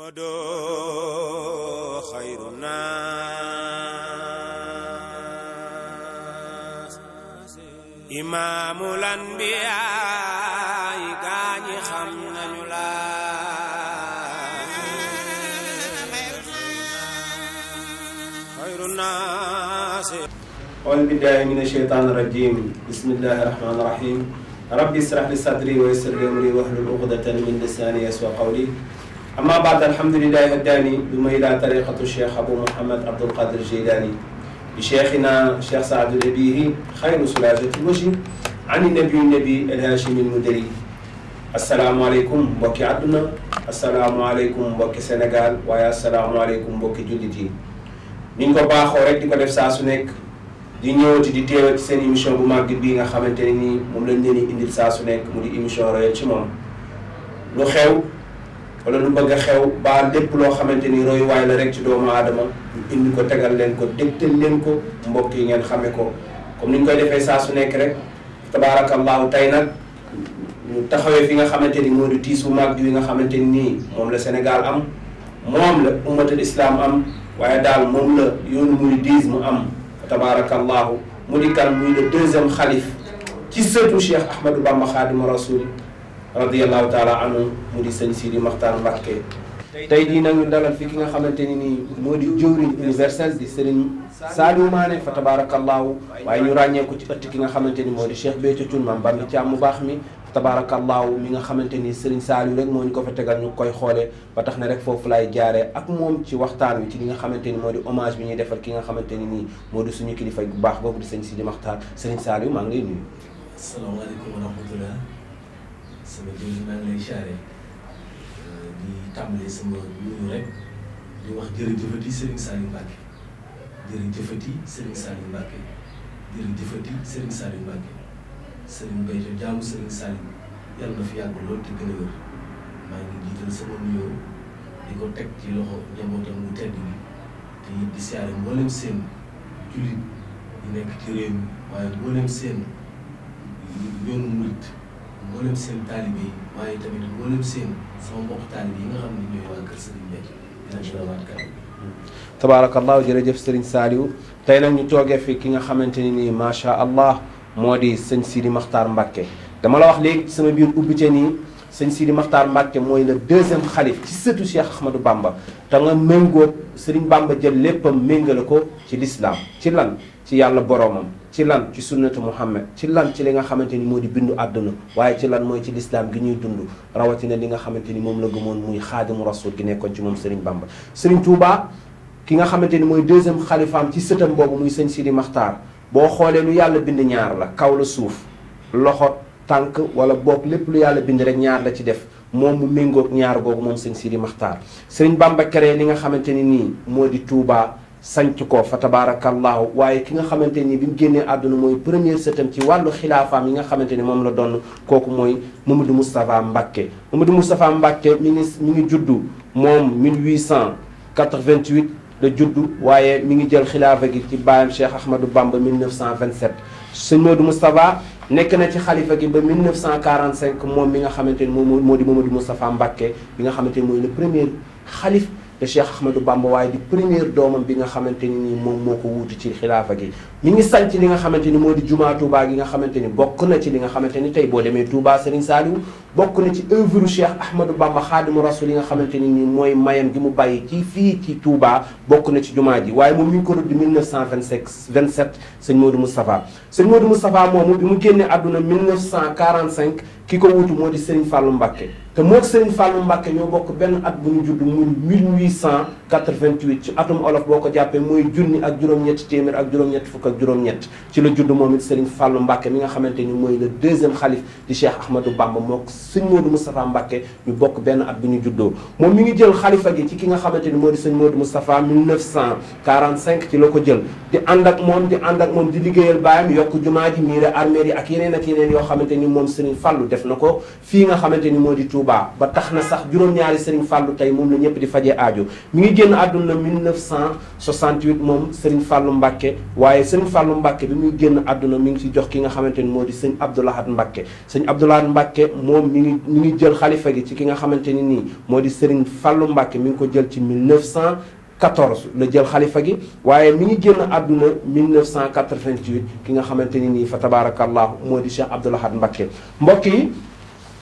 Ahmadu xayru naas imaamul anbiyaa yi gaañi xam nañu la xayru naas awuusu billaahi mina sheytaani rajiim bismillaahi rahmaani rahiim rabbi israh li sadri wa yassir li amri wahlul uqdatan min lisaani yaswa qawli amma baad alhamdulilahi haddaani bi ma ilaa tariqatu cheikh abou mouhamad abdulqadir jilani bi cheikhina cheikh saadu nabihi xayru sulaajati waji ani nabiyu nabi alhashimi almudari asalaamualeykum mbokki àdduna asalaamualeykum mbokki sénégal waaye asalaamualeykum mbokki jullit yi ni ñu ko baaxoo rek di ko def saa su nekk di ñëwati di teewati seen émission bu màgg bii nga xamante ne nii moom lañ leen di indil saa su nekk mu di émission royal ci moom lu xew wala lu bëgg a xew baa dépp loo xamante ni royuwaay la rek ci doomu aadama ñu indi ko tegal leen ko dégtal leen ko mbokk yi ngeen xame ko comme ni ñu koy defee saa su nekk rek tabaarakallaahu tey nag ñu taxawee fi nga xamante ni moo di tiis bu mag nga xamante ni moom la Sénégal am moom la ummatul islam am waaye daal moom la yoonu mu am tabaarakallaahu mu di kanam muy le deuxième xalif ci sëtu Cheikh Ahmadou Bamba Xaadimu Rasul radiyallahu taala anhu mu di sëñ Sidi Maxtaar Mbàkke tey jii nag ñu dalal fi ki nga xamante ni nii moo di jëwriñ universel di sëriñ Saliou Mané fa tabaarakallaahu waaye ñu ràññee ci ëtt ki nga xamante ni moo di Cheikh Béthio Thioune Mame Bamba Thiam mu baax mi tabaarakallaahu mi nga xamante ni sëriñ Saliou rek moo ko fa tegal ñu koy xoolee ba tax na rek foofu lay jaaree ak moom ci waxtaan wi ci li nga xamante ni moo di hommage bi ñuy defar ki nga xamante ni nii moo suñu kilifa bu baax boobu di sëñ Sidi Maxtaar sëriñ Saliou maa ngi lay nuyu. asalaamaaleykum wa rahmatulah. sama jël maa ngi lay siyaare euh, di tàmbale sama nuyu rek di wax jërëjëfati Serigne Saliou Mbacké jërëjëfati Serigne Saliou Mbacké jërëjëfati Serigne Saliou Mbacké Serigne Béthio jaamu Serigne Saliou yàlla na fi yàgg lool te gën a wér maa ngi jiital sama nuyoo di ko teg ci loxo njabootam mu tedd bi te it di siyaare seen jullit yi nekk ci réew mi waaye seen yoonu murit mboolem seen taalibe yi waaye tamit jërëjëf Serigne Saliou tey nag ñu toogee fii ki nga xamante ni nii macha allah moo di sëñ Sidi Makhtar Mbacke dama la wax léegi sama biir ubbite nii sëñ Sidi Makhtar Mbacke mooy la deuxième xalif ci sëtu Cheikh Ahmadou Bamba te nga méngóog sëriñ bàmba jël léppam méngale ko ci lislaam ci lan ci yàlla boroomam ci lan ci sunnatu muhammad ci lan ci li nga xamante ni moo di bindu àdduna waaye ci lan mooy ci lislaam gi ñuy dund rawatina li nga xamante ni moom la gëmoon muy xaadimu rasul gi nekkoon ci moom Serigne Bamba Serigne Touba ki nga xamante ni mooy deuxième xalifaam ci sëtam boobu muy sëñ Sidi Maxtaar boo xoolee lu yàlla bind ñaar la kaw suuf loxo tànk wala boog lépp lu yàlla bind rek ñaar la ci def moom mu méngoog ñaar googu moom sëñ Sidi Maxtaar Serigne Bamba créé moo di Touba sanc ko fa tabaarakallaahu waaye ki nga xamante ni bi mu génnee àdduna mooy première sëtam ci wàllu xilaafaam yi nga xamante ni moom la doon kooku mooy Mamadou Moustapha Mbacké Mamadou Moustapha Mbacké mi ngi mi ngi juddu moom 1888 la juddu waaye mi ngi jël xilaafa gi ci baayam Cheikh Ahmadou Bamba 1927 sëñ Mamadou Moustapha nekk na ci xalifa gi ba 1945 moom mi nga xamante ni moom moo di Mamadou Moustapha Mbacké mi nga xamante ni mooy le premier xalif de Cheikh Ahmadou Bamba waaye di première doomam bi nga xamante ni moom moo ko wuutu ci xilaafa gi mi ngi sanc li nga xamante ni moo di jumaa Touba gi nga xamante ni bokk na ci li nga xamante ni tey boo demee Touba Serigne Saliou bokk na ci œuvre Cheikh Ahmadou Bamba Xaadimu Rasul li nga xamante ni nii mooy mayam gi mu bàyyi ci fii ci Touba bokk na ci jumaa ji waaye moom mi ngi ko rëdd 1925 moo sëñ Modou Moustapha moo Modou Moustapha moomu bi mu génnee àdduna 1945 ki ko wutu moo di Serigne Fallou Mbacké te moo Serigne Fallou Mbacké ñoo bokk benn at bu ñu judd muy 1888 ci atum olof boo ko jàppee mooy junni ak juróom-ñett téeméer ak juróom-ñett fukk ak juróom-ñett ci la judd moom it Serigne Fallou Mbacké mi nga xamante mooy le deuxième xalif di Cheikh Ahmadou Bamba moo Serigne Modou Moustapha Mbacké ñu bokk benn at bu ñu juddoo moom mi ngi jël xalifa gi ci ki nga xamante ni moo di Serigne Modou Moustapha 1945 ci ko jël di ànd ak moom di ànd ak moom di liggéeyal baayam yokk jumaa ak yeneen yoo xamante ni moom Serigne Fallou def def na ko fii nga xamante ni moo di tuubaa ba tax na sax juróom-ñaari Serigne Fallou tey moom la ñëpp di fajee aajo mi ngi génn àdduna 1968 moom Serigne Fallou Mbacke waaye Serigne fàllu Mbacke bi muy génn àdduna mi ngi ci jox ki nga xamante ni moo di sëñ Abdoulahat Mbacke sëñ Abdoulahat Mbacke moom mi ngi mi ngi jël xalifa gi ci ki nga xamante ni nii moo di Serigne Fallou Mbacke mi ngi ko jël ci mille 1900 14 la jël xalifa gi waaye mi ngi génn àdduna 1988 ki nga xamante ni nii fa tabaarakallaahu moo di Cheikh Abdoul Ahad Mbacké mbokk yi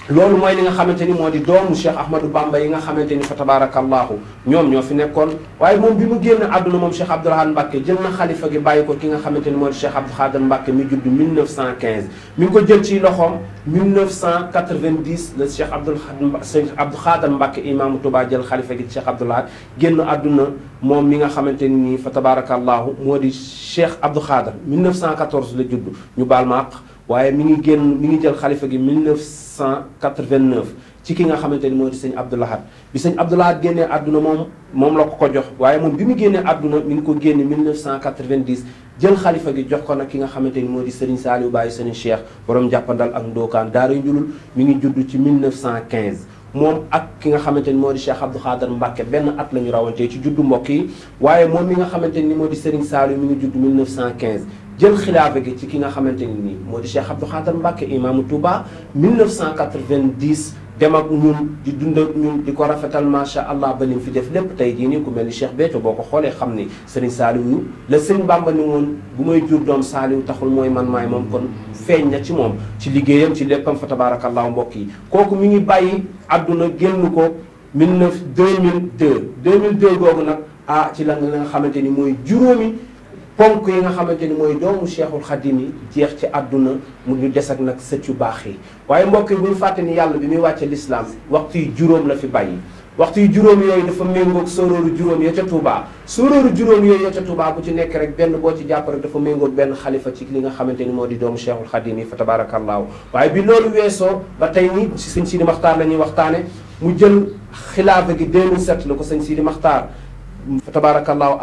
loolu mooy li nga xamante ni moo di doomu Cheikh Ahmadou Bamba yi nga xamante ni fa tabaarakallaahu ñoom ñoo fi nekkoon waaye moom bi mu génn àdduna moom Cheikh Abdou Lahad Mbacké jël na xalifa gi bàyyi ko ki nga xamante ni moo di Cheikh Abdou Khadre Mbacké mi judd 1915 mi ngi ko jël ci loxoom 1990 la Cheikh Abdou Cheikh Abdou Khadre Mbacké imaamu Touba jël xalifa gi Cheikh Abdou génn àdduna moom mi nga xamante ni fa tabaarakallaahu moo di Cheikh Abdou Khadre 1914 la judd ñu baal ma waaye mi ngi génn mi ngi jël xalifa gi 1989 ci ki nga xamante ni moo di sëñ Abdou Lahad bi sëñ Abdou Lahad génnee àdduna moom moom la ko ko jox waaye moom bi mu génnee àdduna mi ngi ko génne 1990 jël xalifa gi jox ko nag ki nga xamante ni moo di sëriñ Saliou Baye sëriñ Cheikh borom jàppandal ak ndookaan daara njulul mi ngi judd ci 1915. moom ak ki nga xamante ni moo di Cheikh Abdou Khader Mbacke benn at la ñu rawantee ci juddu mbokk yi waaye moom mi nga xamante ni moo di Serigne Saliou mi ngi judd 1915 jël xilaafa gi ci ki nga xamante ni nii moo di Cheikh Abdou Khader Mbacke imaamu Touba 1990 dem ak ñun di dund ak ñun di ko rafetal macha allah ba lim fi def lépp tey jii nii ku mel ni Cheikh boo ko xoolee xam ni Serigne Saliou la Serigne Bamba ni woon bu may jur doom Saliou taxul mooy man maay moom kon feeñ na ci moom ci liggéeyam ci léppam fa tabaarakallaahu mbokk yi kooku mu ngi bàyyi àdduna génn ko 19 2002 2002 googu nag ah ci la nga xamante ni mooy juróomi. ponk yi nga xamante ni mooy doomu Cheikhul Khadim yi jeex ci àdduna mu ñu des ak nag sët yu baax yi waaye mbokk yi bu ñu fàtte ni yàlla bi muy wàcce lislaam waxtu yu juróom la fi bàyyi waxtu yu juróom yooyu dafa méngoog sóoróoru juróom ya ca Touba sóoróoru juróom yooyu ya ca Touba bu ci nekk rek benn boo ci jàpp rek dafa méngoog benn xalifa ci li nga xamante ni moo di doomu Cheikhul Khadim yi fa tabaarakallaahu waaye bi loolu weesoo ba tey ni si sëñ Sidi Maxtaar la ñuy waxtaane mu jël xilaafa gi 2007 la ko sëñ Sidi Maxtaar fa tabaarakallaahu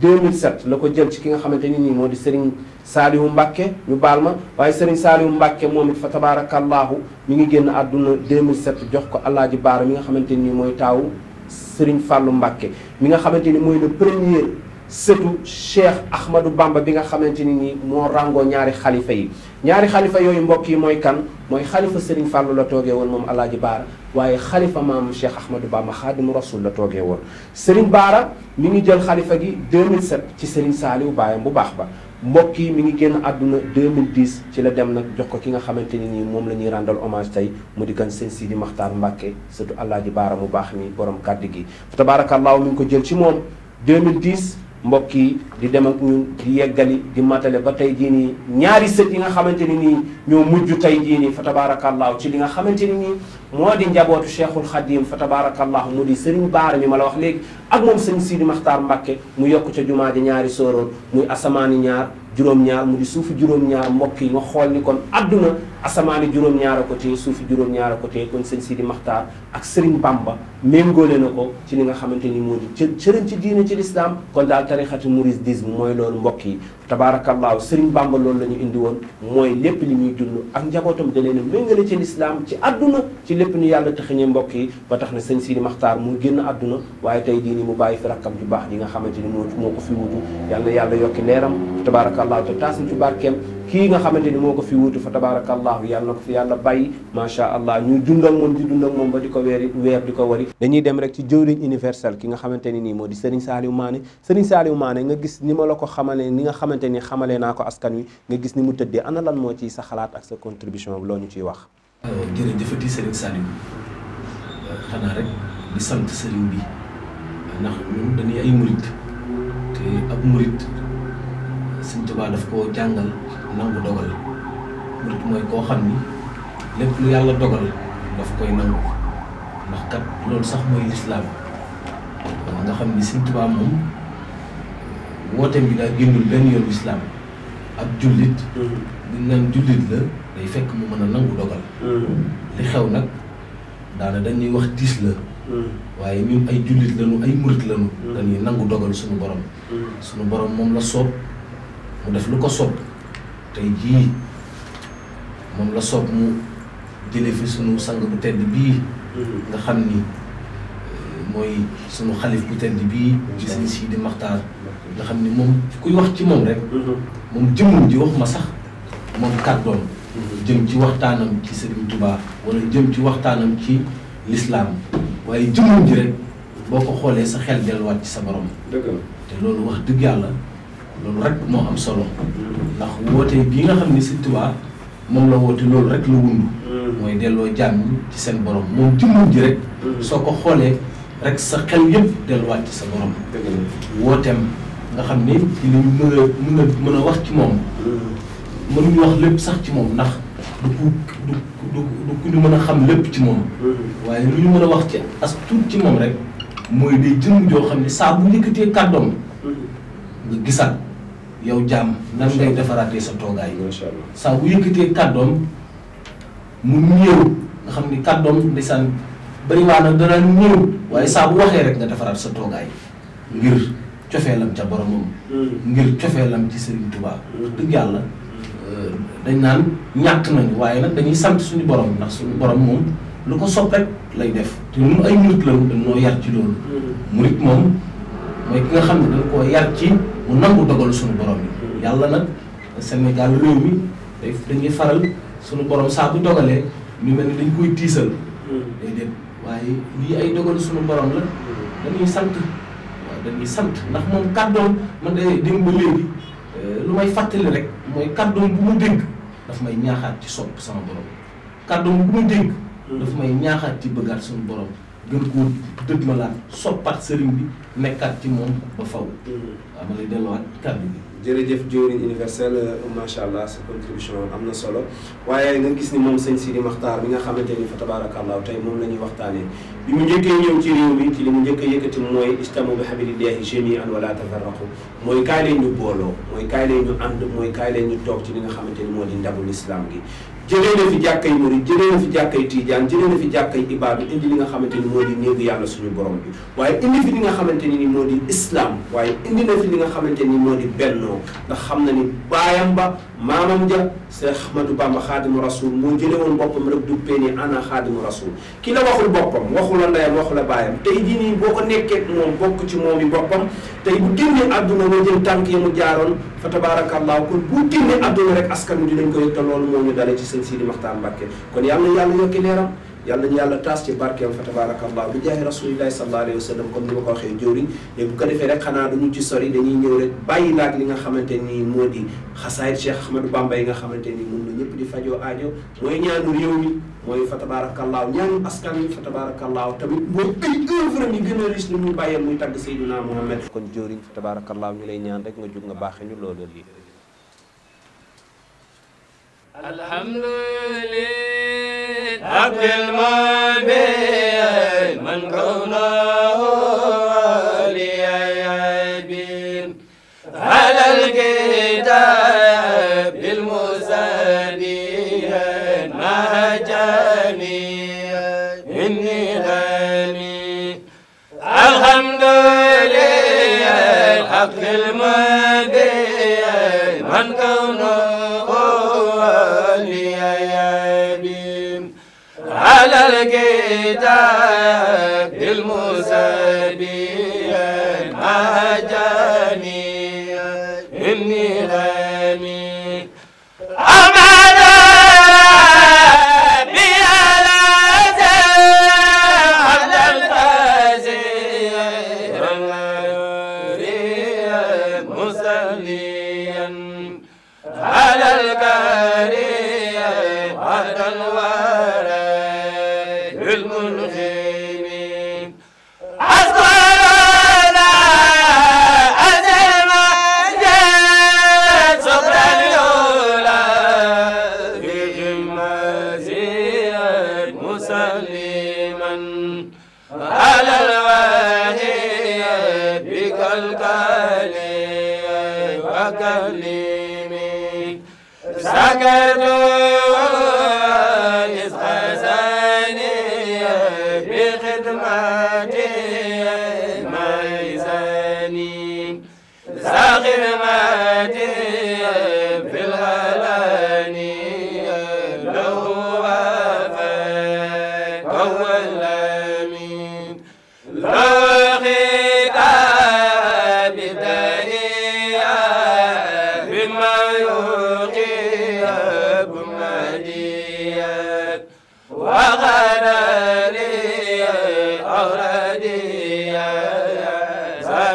2007 la ko jël ci ki nga xamante ni nii moo di Serigne Saliou Mbacke ñu baal ma waaye Serigne Saliou Mbacke moom it fa tabaarakallaahu mi ngi génn àdduna 2007 jox ko Alaaji Baara mi nga xamante nii mooy taawu Serigne Fallou Mbacke mi nga xamante ni mooy le premier sëtu Cheikh Ahmadou Bamba bi nga xamante ni nii moo ràngoo ñaari xalifa yi. ñaari xalifa yooyu mbokk yi mooy kan mooy xalifa Serigne Fallou la toogee woon moom Alaaji Baara waaye xalifa maam Cheikh Ahmadou Bamba Xaadimu Rasul la toogee woon Serigne Baara mu ngi jël xalifa gi 2007 ci Serigne u baayam bu baax ba mbokk yi mi ngi génn àdduna 2010 ci la dem nag jox ko ki nga xamante ni nii moom la ñuy ràndal hommage tey mu di kan seen Sidi Maxtaar Mbàkke surtout Alaaji Baara mu baax mi borom kàddu gi fa tabaarakallaahu ngi ko jël ci moom 2010 mbokk yi di dem ak ñun di yeggali di matale ba tey jii nii ñaari sët yi nga xamante ni nii ñoo mujj tey jii nii fa tabaarakallaahu ci li nga xamante ni nii moo di njabootu cheikhul xadim fa tabaarakallaahu mu di sëriñ baara mi ma la wax léegi ak moom sëñ Sidi Maxtaar Mbàkke mu yokk ca jumaa ji ñaari sóoroon muy asamaani ñaar juróom-ñaar mu di suufi juróom-ñaar mbokk yi nga xool ni kon adduna asamaani juróom-ñaar a ko téye suufi juróom-ñaar a ko téye kon sëñ Sidi Maxtaar ak Serigne Bamba méngoole na ko ci li nga xamante ni moo di cë cëriñ ci diine ci lislaam kon daal tarixatu mouridisme mooy loolu mbokk yi tabaarakallaahu Serigne Bamba loolu la ñu indi woon mooy lépp li ñuy dund njabootam da leen a méngale ci lislaam ci adduna ci lépp ni yàlla taxiñe mbokk yi ba tax na sëñ Sidi Maxtaar mu génn adduna waaye tey diini mu bàyyi fi rakkam ju baax yi nga xamante ni moo moo ko fi wutu yàlla yàlla yokki leeram tabaaraka tabarakallah te taas ñu ci barkeem kii nga xamante ni moo ko fi wuutu fa tabarakallahu yàlla na ko fi yàlla bàyyi macha allah ñu dund ak moom di dund moom ba di ko weeri weer di ko wari dañuy dem rek ci jëwriñ universel ki nga xamante ni nii moo di Serigne Saliou Mané Serigne Saliou Mané nga gis ni ma la ko xamale ni nga xamante ni xamalee naa ko askan wi nga gis ni mu tëddee ana lan moo ci sa xalaat ak sa contribution loo ñu ciy wax euh, jërëjëfati Serigne Saliou euh, xanaa rek di sant Serigne bi Sëñ Tuubaa daf ko jàngal nangu dogal murit mooy koo xam ni lépp lu yàlla dogal daf koy nangu ndax kat loolu sax mooy lislaam nga xam ni Sëñ Tuubaa moom wooteem bi daa génnul benn yoon lislaam ab jullit di naan jullit la day fekk mu mën a nangu dogal mm. li xew nag daana dañuy wax tiis la mm. waaye ñun ay jullit lañu ay murit lañu mm. dañuy nangu dogal suñu borom suñu borom moom la soob mu def lu ko soob tey jii moom la soob mu jëlee fi sunu sang bu tedd bii mm-hmm. nga xam ni euh, mooy sunu xalif bu tedd bii ci mm-hmm. sëñ Sidi Maxtaar nga xam ni moom kuy wax ci moom rek mm-hmm. moom jëmmum ji wax ma sax moom kàddoon jëm ci waxtaanam ci seen Tuubaa wala jëm ci waxtaanam ci lislaam waaye jëmmum ji rek boo ko xoolee sa xel delluwaat ci sa borom te loolu wax dëgg yàlla loolu rek moo am solo ndax woote bii nga xam ne Sëñ moom la woote loolu rek la wund mm. mooy delloo jàmm ci seen borom moom jëmmam ji rek mm. soo ko xoolee rek sa xel yëpp delluwaat ci sa borom wooteem nga xam ne ci li mën a mën a mën a wax ci moom mm. mënuñu wax lépp sax ci moom ndax du ku du du ku ñu mën a xam lépp ci moom waaye lu ñu mën a wax ci as tuut ci moom rek mooy day jëm joo xam ne saa bu yëkkatee kàddoom nga gisaat yow jàmm nan ngay defaraatee sa toogaay. macha allah saa bu yëkkatee kàddoom mu néew nga xam ni kàddoom ndeysaan bëriwaa na dana néew waaye saa bu waxee rek nga defaraat sa toogaay ngir cofeelam ca boromam. Hmm. ngir cofeelam ci Serigne Touba. Hmm. dëgg yàlla euh, dañ naan ñàkk nañu waaye nag dañuy sant suñu borom ndax suñu borom moom lu ko sopp lay def te ñun ay murit la dañ noo yar ci loolu. Hmm. murit moom mooy ki nga xam ne dañ koo yar ci. mu nangu dogal suñu borom yi yàlla nag Sénégal réew mi day dañuy faral suñu borom saa bu dogalee ñu mel ni dañ koy tiisal waaye lii ay dogal suñu borom la dañuy sant waaw dañuy sant ndax moom kàddoom man de démb ba léegi euh, lu may fàttali rek mooy kàddoom bu mu dégg dafa may ñaaxaat ci sopp sama borom kàddoom bu mu dégg daf may ñaaxaat ci bëggaat suñu borom gën koo dëgg ma laat soppaat sëriñ bi nekkaat ci moom ba faw mm. waaw ma lay delluwaat kàddu bi jërëjëf jëwriñ universel euh, macha allah sa contribution am na solo waaye nga gis ni moom sëñ si Maxtaar bi nga xamante ni fa tabaarakallah tey moom la ñuy waxtaanee bi mu njëkkee ñëw ci réew li mu njëkk a yëkkati mooy istamu bi hablillahi jami'an wala tafarraqu mooy kaay leen ñu booloo mooy kaay leen ànd mooy kaay leen ñu toog ci li nga xamante ni moo di ndabul islam gi jëlee na fi jàkkay murid jëlee na fi jàkkay tiijaan jëlee na fi jàkkay ibaadu indi li nga xamante ni moo di néegu yàlla suñu borom bi waaye indi fi li nga xamante ni moo di islam waaye indi na fi li nga xamante ni moo di bennoo ndax xam na ni baayam ba maamam ja Seex Ahmadu Bamba xaadimu rasul moo jële woon boppam rek du ni ana xaadimu rasul ki la waxul boppam waxu la ndeyam waxu la baayam tey jii nii boo ko nekkee moom bokk ci moom yi boppam tey bu génnee àdduna nga jël tànk yi mu jaaroon fa tabaarakallaahu kon bu génnee àdduna rek askan wi dinañ ko yëg te loolu moo ñu dalee ci sëñ Sidi Maxtaar Mbàkke kon yàlla yàlla yokki leeram yàlla ñu yàlla taas ci barkeem fa tabaarakallah bi jaahi rasulillahi sallallahu alayhi wa sallam comme ni ma ko waxee jëwriñ mais bu ko defee rek xanaa duñu ci sori dañuy ñëw rek bàyyi laak li nga xamante ni moo di xasaayit Cheikh Ahmadou Bamba yi nga xamante ni moom la ñëpp di fajoo aajo mooy ñaanu réew mi mooy fa tabaarakallah ñaanu askan wi fa tabaarakallah tamit mooy ay œuvre yi gën a riche lu muy bàyyee muy tàgg Seydina Mohamed kon jëwriñ fa tabaarakallah rek nga jug nga baaxee ñu loolu الحمد لله عبد المبين من كونه ليبين على الكتاب المسدين ما جاني مني غني الحمد لله الحق المبين من كونه والقيدة بالمسبين ما جاء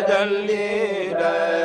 dal li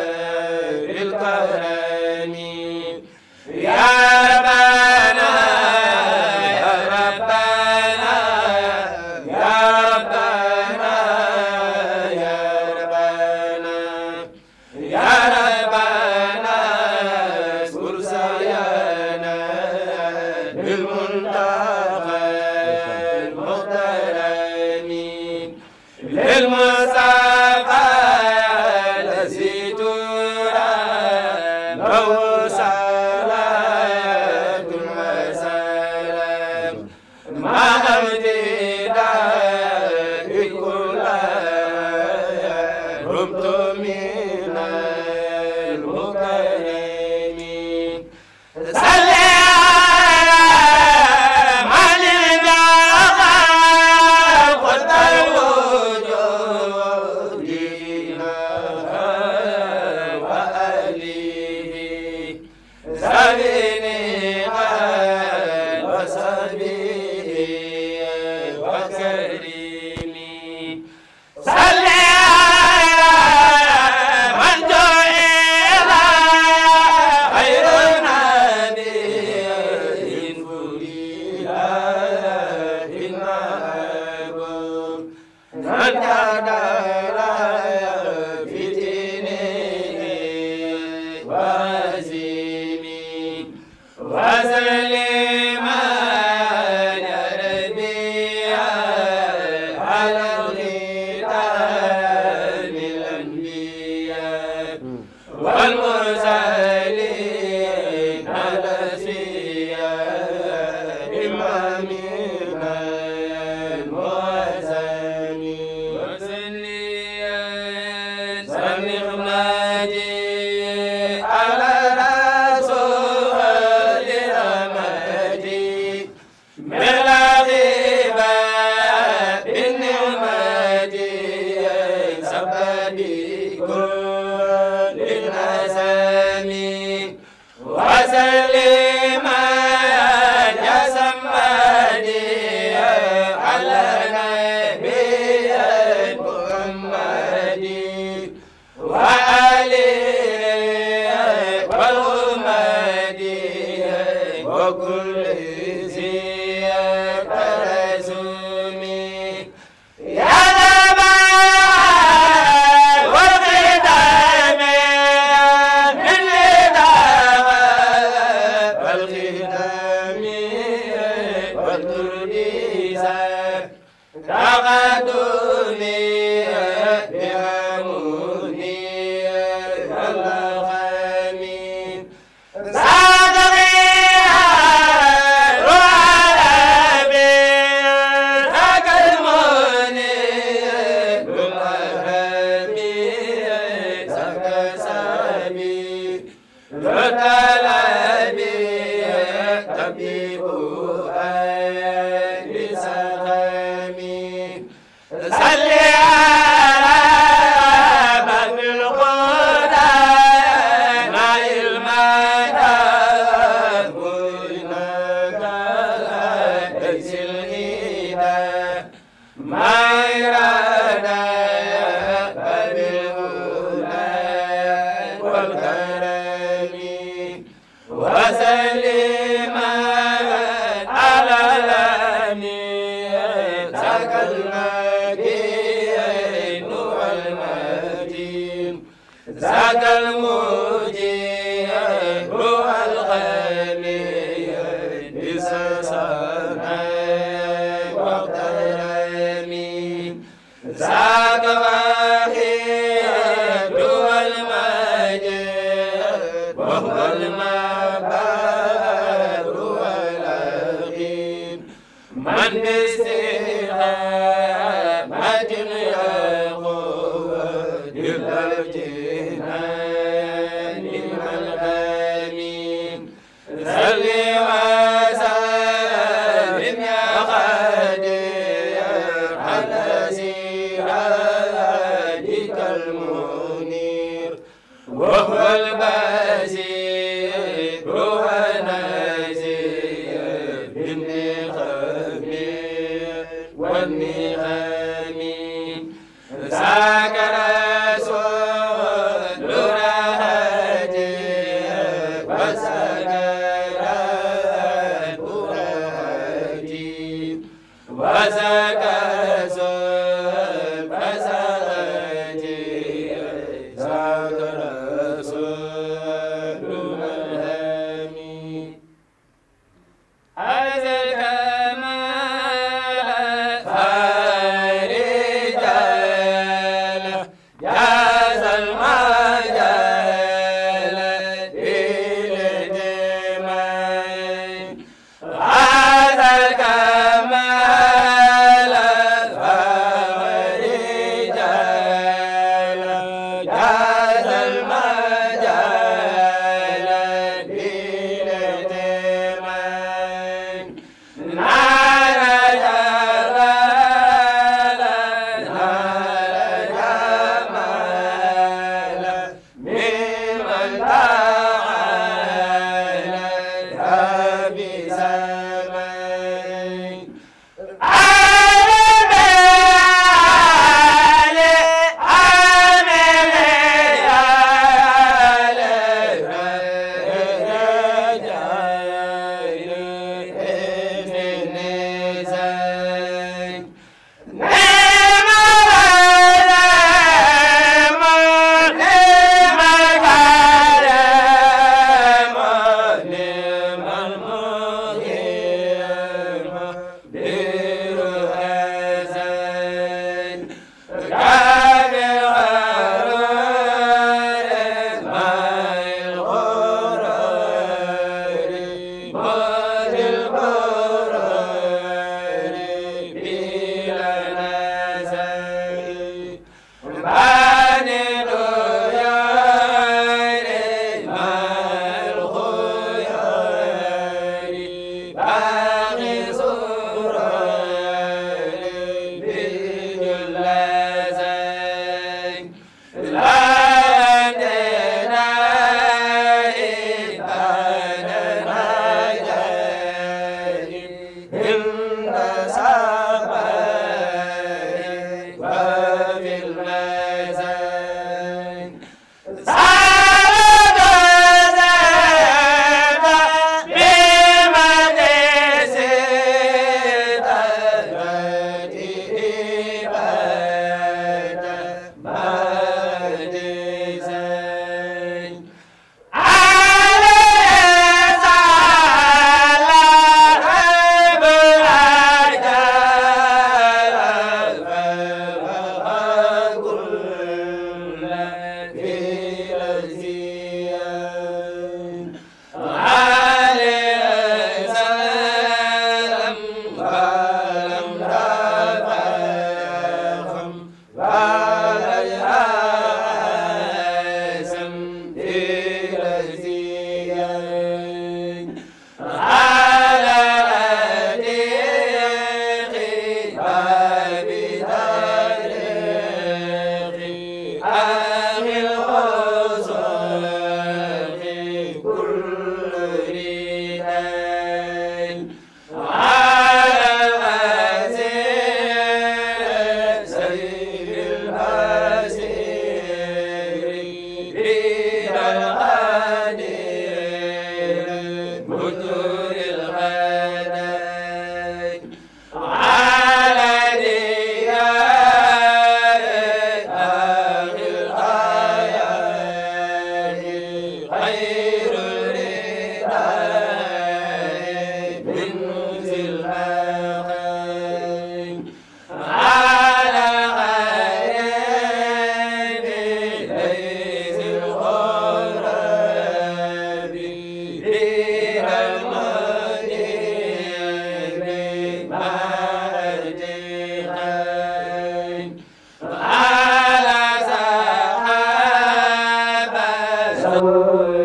Hallelujah.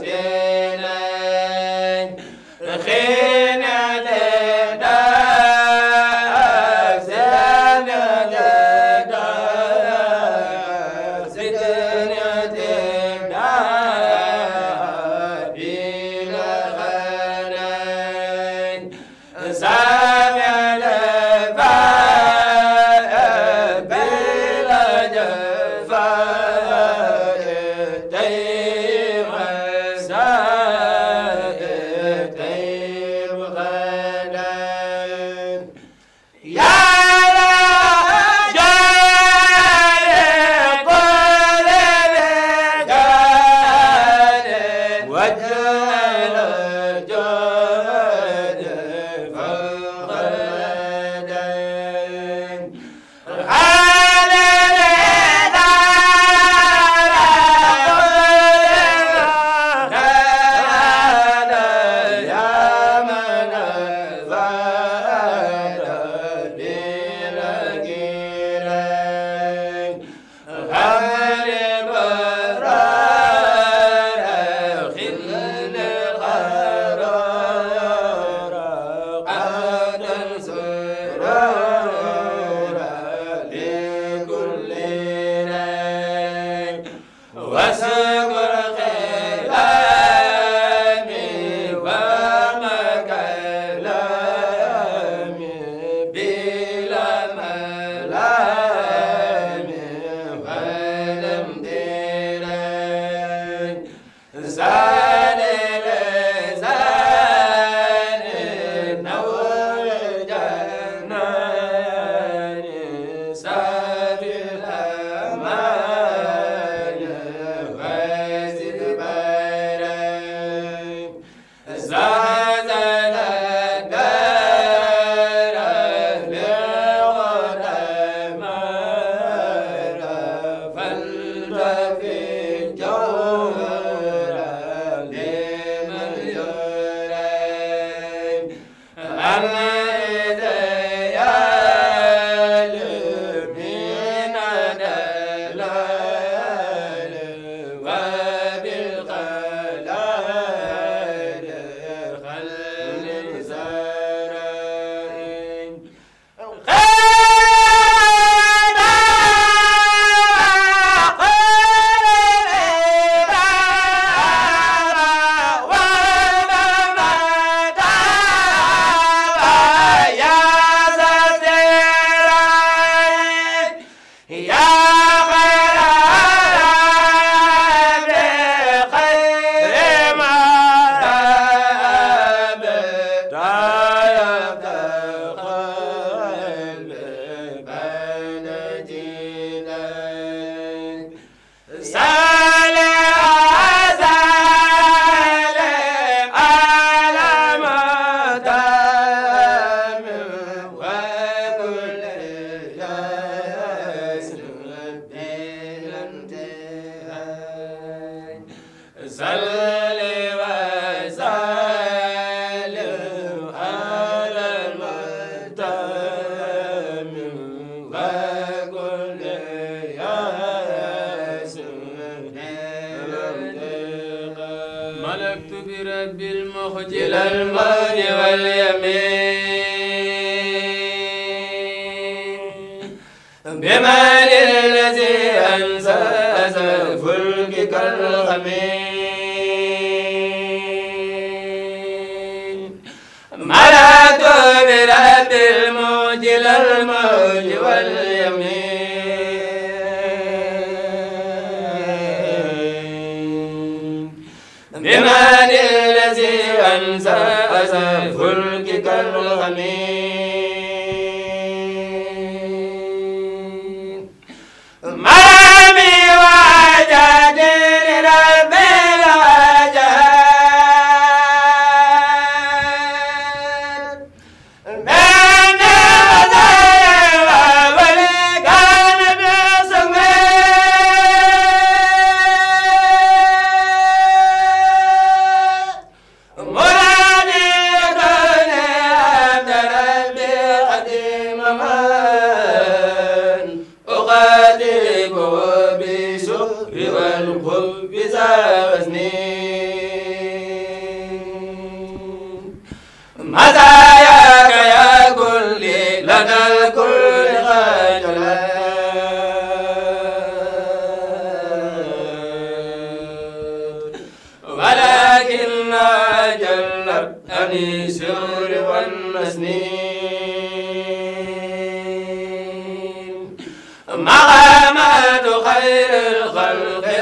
te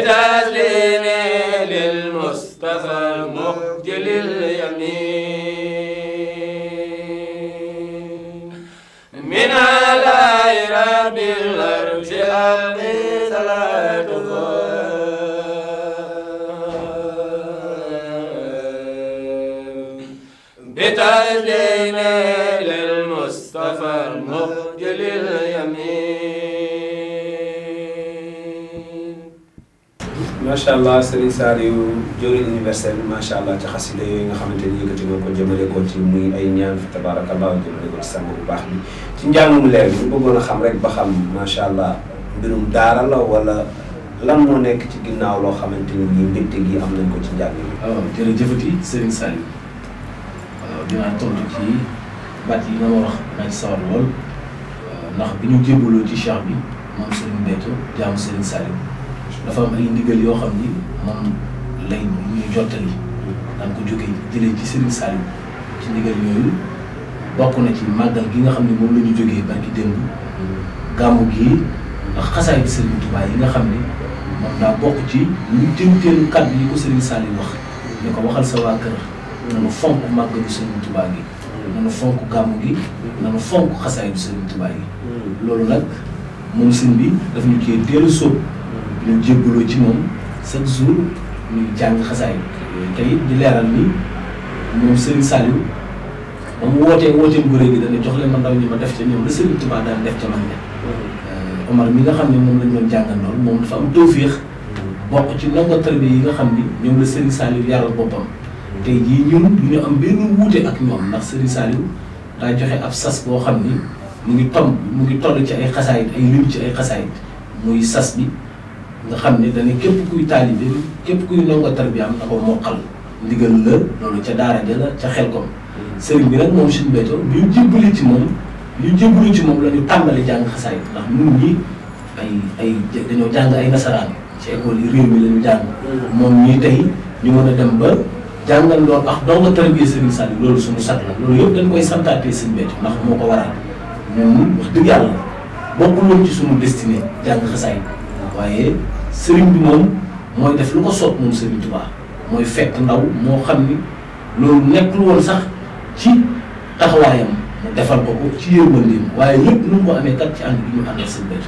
بتسليم للمصطفى المهدي لليمين macha allah Serigne Saliou jëriñ universel macha allah ci xasida yooyu nga xamante ni yëkkati nga ko jëmale ko ci muy ay ñaan fi tabarakallah jëmale ko ci sang bu baax bi ci njàngum leer bi xam rek ba xam macha allah daara la wala lan moo nekk ci ginnaaw loo xamante ni nii gi am nañ ko ci njàng yi. waaw jërëjëfati Serigne Saliou waaw dinaa tontu ci baat yi ndax bi ñu jébaloo ci cheikh bi moom Serigne Béthio jaamu Serigne dafa am ay ndigal yoo xam ni moom lay ñuy jottali daan ko jógee jëlee ci Serigne Saliou ci ndigal yooyu bokk na ci màggal gi nga xam ne moom la ñu jógee barki démb gàmmu gii ak yi nga xam ne bokk ci ñu jëmteelu kàddu yi ko Serigne Saliou wax ne ko waxal sa waa kër nanu fonk màggalu Serigne Touba gi nanu fonk gàmmu gi nanu fonk xasaay bi Serigne Touba gi loolu nag moom sëñ bi daf ñu cee teel a ñu jébbaloo ci moom chaque jour ñu jàng xasaay te di leeral ni moom Serigne Saliou ba mu wootee wooteem bu rëy gi jox leen ma ndaw ñi ma def ca ñoom la Serigne Touba def ca man ne euh, mi nga xam ne moom lañ doon jàngal moom dafa am tawféex bokk ci ndongo tarbiya yi nga xam ni ñoom la Serigne Saliou yaral boppam tey jii ñun ñu am benn wuute ak ñoom ndax Serigne Saliou daa joxe ab sas boo xam ni mu ngi tom mu ngi toll ci ay xasaayit ay lim ci ay xasaayit muy sas bi nga xam ni dañu képp kuy taalibe képp kuy nongo tarbiyaam na ko mokkal ndigal la loolu ca daara ja la ca xel kom mm. sëriñ bi nag moom suñu béytoo bi ñu jébbali ci moom li ñu jébbalu moom la tàmbali jàng xasaay ndax mu ñi ay ay dañoo jàng ay nasaraan ci école yi réew mi la ñu jàng mm. moom ñii tey ñu mën a dem ba jàngal loolu ak donga tarbiya sëriñ Saliou loolu suñu sat la loolu yëpp dañ koy santaatee sëñ béytu ndax moo ko waral moom wax dëgg yàlla bokkul woon ci suñu destiné jàng xasaay waaye sëriñ bi moom mooy def lu ko soob moom sëriñ Tuubaa mooy fekk ndaw moo xam ni loolu nekkul woon sax ci taxawaayam mu defal ko ko ci yërmandeem waaye lépp nu mu ko amee kat ci ànd bi ñu àndal seen bët.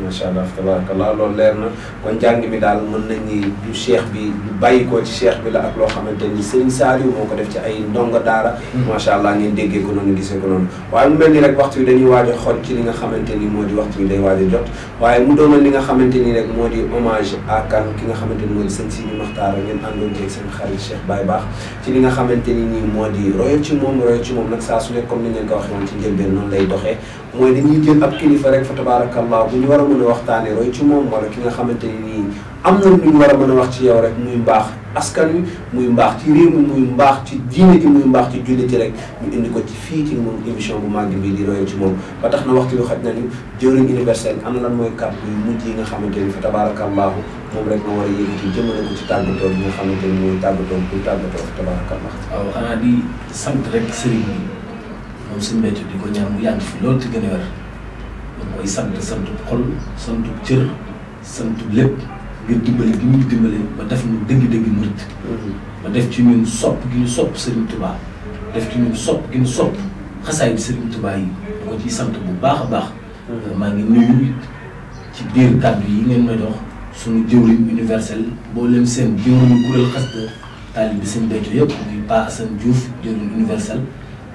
macha allah tabarakallah lool leer na kon jàng mi daal mën nañ nañu du cheikh bi du bàyyikoo ci cheikh bi la ak loo xamante ni seen Saliou moo ko def ci ay ndongo daara mm. macha allah ngeen déggee ko noonu gisee ko noonu waaye mu mel ni rek waxtu li nga xamante ni moo di waxtu bi day waaj waaye mu doonoon li nga xamante ni rek moo di hommage à kan ki nga xamante ni moo di sëñ Sidi Maxtaar ngeen àndoon ak seen xarit Cheikh Baye Baax li nga xamante ni nii moo di royo ci moom royo ci moom nag saa su nekk comme ni ngeen ko waxee woon ci njëlbeen noonu lay doxee mooy dañuy jël ab kilifa rek fa tabaarakallah bu ñu war a mën a waxtaanee roy ci moom wala ki nga xamante ni nii am na lu ñu war a mën wax ci yow rek muy mbaax askan wi muy mbaax ci réew mi muy mbaax ci diine ji muy mbaax ci jullit ji rek ñu indi ko ci fii ci moom émission bu màgg bi di roy ci moom ba tax na waxtu bi xaj na ni jëwriñ universel am na lan mooy kàddu yu mujj yi nga xamante ni fa tabaarakallahu moom rek ma war a yëngati jëmale ko ci tàggatoo bi nga xamante ni mooy tàggatoo bu tàggatoo fa tabaarakallah waaw xanaa di sant rek sëriñ moom sëñ Béthio di ko ñaan mu yàgg fi loolu te gën a wér dañ koy sant santu xol santu cër santu lépp ngir dimbale gi ñu dimbale ba def ñu dëgg-dëgg murit mhm. ba def ci ñun sopp gi ñu sopp Serigne Touba def ci ñun sopp gi ñu sopp xasaay bi Serigne Touba yi da ci sant bu baax a baax mhm. maa ngi nuyu ci biir kàddu yi ngeen may dox suñu jëwriñ universel boo leen seen jëwriñu kuréel xas taalibe bi sëñ Béthio yëpp muy Pa Assane Diouf jëwriñ universel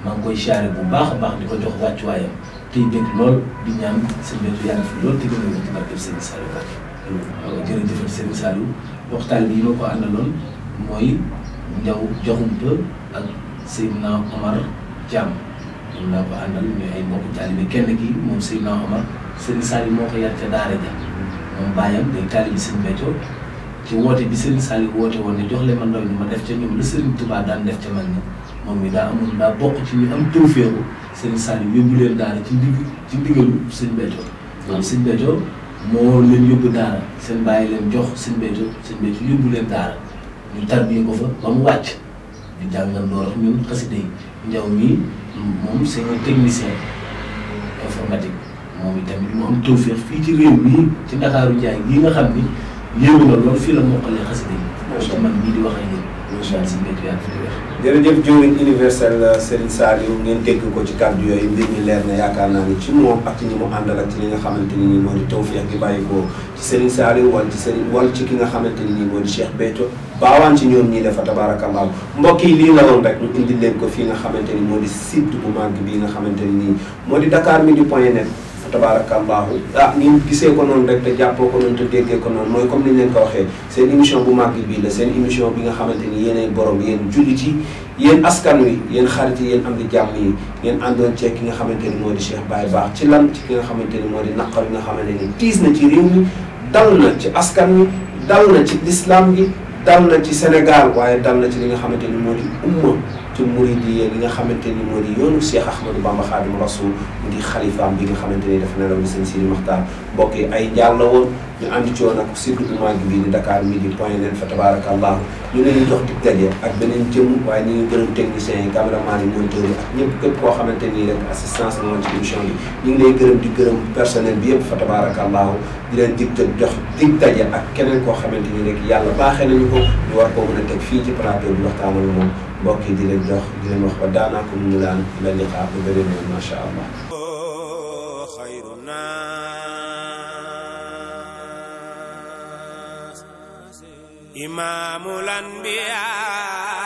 maa ngi koy siyaare bu baax a baax di ko jox wàccuwaayam tey bëgg lool di ñaan sëñ Béthio yàlla fi lool te gën a wér jërëjëf Serigne Saliou waxtaan bi yi ma mooy Ndiaw Joxumpa ak Seydina Omar Thiam moom laa ko àndal ñu ay mbokku taalibe kenn gi moom Seydina Omar Serigne Saliou moo ko yar ca Daara ja moom baayam day taalibe sëñ Béthio ci woote bi Serigne Saliou woote woon ne jox leen ma ndaw ñu ma def ca ñoom la Serigne Touba daan def ca mag ñi. moom mi daa amoon daa bokk ci ñu am tawféexu seen Saliou yóbbu leen daara ci ndig ci ndigalu sëñ Béthio maanaam sëñ Béthio moo leen yóbbu daara seen bàyyi jox sëñ Béthio sëñ yóbbu leen daara ñu tarbiye ko fa ba mu wàcc di jàngal lool ak njaw mi moom c'est un technicien informatique moom itamit mu am tawféex fii ci réew mii ci Ndakaaru Njaay gii nga xam ni yéemu na lool fii la moqalee xasida yi. macha allah man mii di wax ak yéen. macha allah si mbéytu yaa ngi fi jërëjëf jëwriñ universel euh, Serigne Saliou ngeen dégg ko ci kàddu yooyu mbir mi leer na yaakaar naa ni ci moom ak ñi mu àndal ak ci li nga xamante ni moo di tawfeex gi bàyyi ko ci Serigne Saliou wala ci Serigne wala ci ki nga xamante ni moo di Cheikh Béthio baawaan ci ñoom ñii dafa tabaarakallaa mbokk yi lii la woon rek ñu indil leen ko fii nga xamante ni moo di site bu mag bii nga xamante ni moo di Dakar Midi point net tabaarakallaahu ah ngeen gisee ko noonu rek te jàppoo ko noonu te déggee ko noonu mooy comme ni ñu ko waxee seen émission bu màgg bii la seen émission bi nga xamante ni yéenay borom yéen jullit yi yéen askan wi yéen xarit yi yéen am di jàmm yi ngeen àndoon ceeg ki nga xamante ni moo di Cheikh Baye Baax ci lan ci ki nga xamante ni moo di naqar yi nga xamante ni tiis na ci réew mi dal na ci askan wi dal na ci lislaam gi dal na ci Sénégal waaye dal na ci li nga xamante ni moo di ci muridiyee li nga xamante ni moo di yoonu Cheikh Ahmadou Bamba Khadim Rasoul mu di xalifaam bi nga xamante ni dafa nelaw di sëñ Sidi Maxtaar mbokk yi ay jàll la woon ñu ànd ci woon ak surtout bu mag bii di Dakar midi point leen fa tabarakallah ñu leen jox dig daje ak beneen jëm waaye ñu ngi gërëm techniciens yi caméraman yi monteur yi ak ñëpp képp koo xamante nii rek assistance la woon ci émission bi ñu ngi lay gërëm di gërëm personnel bi yëpp fa tabarakallah di leen jox dig daje ak keneen koo xamante nii rek yàlla baaxee nañu ñu war koo mën a fii ci plateau mbokk yi di leen jox di leen wax ba daanaako mu laan ila liqaa bu beneen yoon macha allah xayru naas imaamul anbiyaa